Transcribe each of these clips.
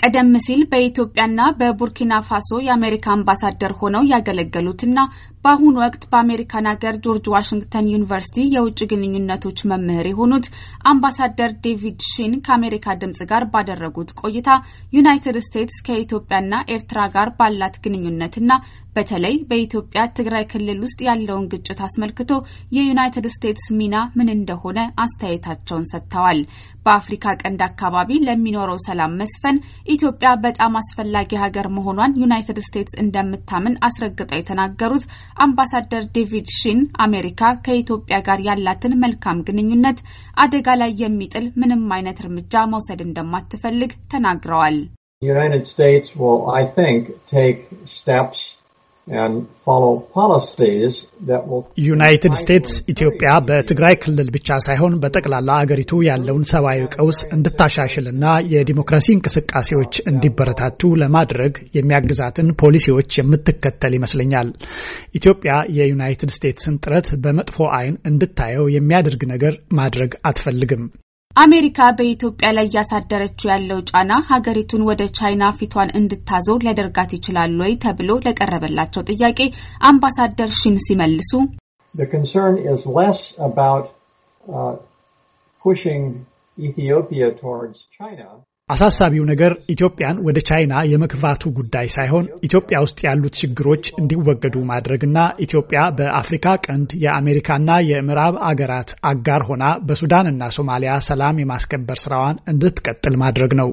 ቀደም ሲል በኢትዮጵያና በቡርኪና ፋሶ የአሜሪካ አምባሳደር ሆነው ያገለገሉትና በአሁኑ ወቅት በአሜሪካን ሀገር ጆርጅ ዋሽንግተን ዩኒቨርሲቲ የውጭ ግንኙነቶች መምህር የሆኑት አምባሳደር ዴቪድ ሺን ከአሜሪካ ድምጽ ጋር ባደረጉት ቆይታ ዩናይትድ ስቴትስ ከኢትዮጵያና ኤርትራ ጋር ባላት ግንኙነትና በተለይ በኢትዮጵያ ትግራይ ክልል ውስጥ ያለውን ግጭት አስመልክቶ የዩናይትድ ስቴትስ ሚና ምን እንደሆነ አስተያየታቸውን ሰጥተዋል። በአፍሪካ ቀንድ አካባቢ ለሚኖረው ሰላም መስፈን ኢትዮጵያ በጣም አስፈላጊ ሀገር መሆኗን ዩናይትድ ስቴትስ እንደምታምን አስረግጠው የተናገሩት አምባሳደር ዴቪድ ሺን አሜሪካ ከኢትዮጵያ ጋር ያላትን መልካም ግንኙነት አደጋ ላይ የሚጥል ምንም አይነት እርምጃ መውሰድ እንደማትፈልግ ተናግረዋል። ዩናይትድ ስቴትስ States will, ዩናይትድ ስቴትስ ኢትዮጵያ በትግራይ ክልል ብቻ ሳይሆን በጠቅላላ አገሪቱ ያለውን ሰብአዊ ቀውስ እንድታሻሽልና የዲሞክራሲ እንቅስቃሴዎች እንዲበረታቱ ለማድረግ የሚያግዛትን ፖሊሲዎች የምትከተል ይመስለኛል። ኢትዮጵያ የዩናይትድ ስቴትስን ጥረት በመጥፎ አይን እንድታየው የሚያደርግ ነገር ማድረግ አትፈልግም። አሜሪካ በኢትዮጵያ ላይ እያሳደረችው ያለው ጫና ሀገሪቱን ወደ ቻይና ፊቷን እንድታዞር ሊያደርጋት ይችላል ወይ ተብሎ ለቀረበላቸው ጥያቄ አምባሳደር ሺን ሲመልሱ አሳሳቢው ነገር ኢትዮጵያን ወደ ቻይና የመግፋቱ ጉዳይ ሳይሆን ኢትዮጵያ ውስጥ ያሉት ችግሮች እንዲወገዱ ማድረግና ኢትዮጵያ በአፍሪካ ቀንድ የአሜሪካና የምዕራብ አገራት አጋር ሆና በሱዳንና ሶማሊያ ሰላም የማስከበር ስራዋን እንድትቀጥል ማድረግ ነው።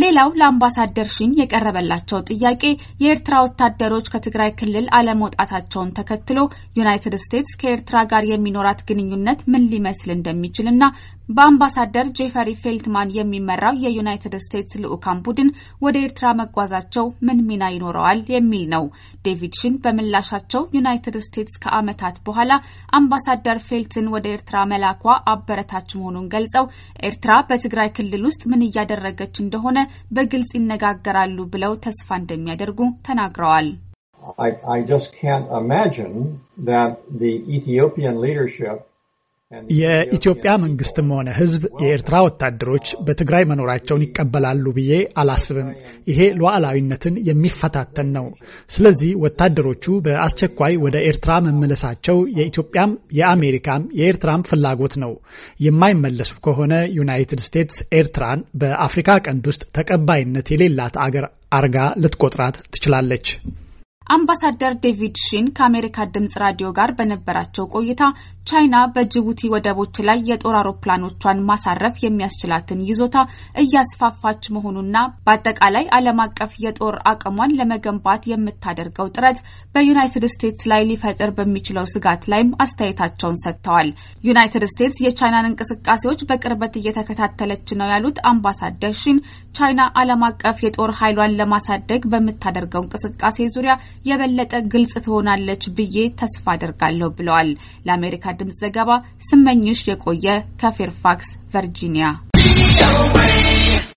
ሌላው ለአምባሳደር ሺን የቀረበላቸው ጥያቄ የኤርትራ ወታደሮች ከትግራይ ክልል አለመውጣታቸውን ተከትሎ ዩናይትድ ስቴትስ ከኤርትራ ጋር የሚኖራት ግንኙነት ምን ሊመስል እንደሚችልና በአምባሳደር ጄፈሪ ፌልትማን የሚመራው የዩናይትድ ስቴትስ ልዑካን ቡድን ወደ ኤርትራ መጓዛቸው ምን ሚና ይኖረዋል የሚል ነው። ዴቪድ ሽን በምላሻቸው ዩናይትድ ስቴትስ ከዓመታት በኋላ አምባሳደር ፌልትን ወደ ኤርትራ መላኳ አበረታች መሆኑን ገልጸው ኤርትራ በትግራይ ክልል ውስጥ ምን እያደረገች እንደሆነ ሆነ በግልጽ ይነጋገራሉ ብለው ተስፋ እንደሚያደርጉ ተናግረዋል። I, I just can't imagine that the Ethiopian leadership የኢትዮጵያ መንግስትም ሆነ ህዝብ የኤርትራ ወታደሮች በትግራይ መኖራቸውን ይቀበላሉ ብዬ አላስብም። ይሄ ሉዓላዊነትን የሚፈታተን ነው። ስለዚህ ወታደሮቹ በአስቸኳይ ወደ ኤርትራ መመለሳቸው የኢትዮጵያም የአሜሪካም የኤርትራም ፍላጎት ነው። የማይመለሱ ከሆነ ዩናይትድ ስቴትስ ኤርትራን በአፍሪካ ቀንድ ውስጥ ተቀባይነት የሌላት አገር አርጋ ልትቆጥራት ትችላለች። አምባሳደር ዴቪድ ሺን ከአሜሪካ ድምጽ ራዲዮ ጋር በነበራቸው ቆይታ ቻይና በጅቡቲ ወደቦች ላይ የጦር አውሮፕላኖቿን ማሳረፍ የሚያስችላትን ይዞታ እያስፋፋች መሆኑና በአጠቃላይ ዓለም አቀፍ የጦር አቅሟን ለመገንባት የምታደርገው ጥረት በዩናይትድ ስቴትስ ላይ ሊፈጥር በሚችለው ስጋት ላይም አስተያየታቸውን ሰጥተዋል። ዩናይትድ ስቴትስ የቻይናን እንቅስቃሴዎች በቅርበት እየተከታተለች ነው ያሉት አምባሳደር ሺን ቻይና ዓለም አቀፍ የጦር ኃይሏን ለማሳደግ በምታደርገው እንቅስቃሴ ዙሪያ የበለጠ ግልጽ ትሆናለች ብዬ ተስፋ አድርጋለሁ ብለዋል። ለአሜሪካ ድምጽ ዘገባ ስመኝሽ የቆየ ከፌርፋክስ ቨርጂኒያ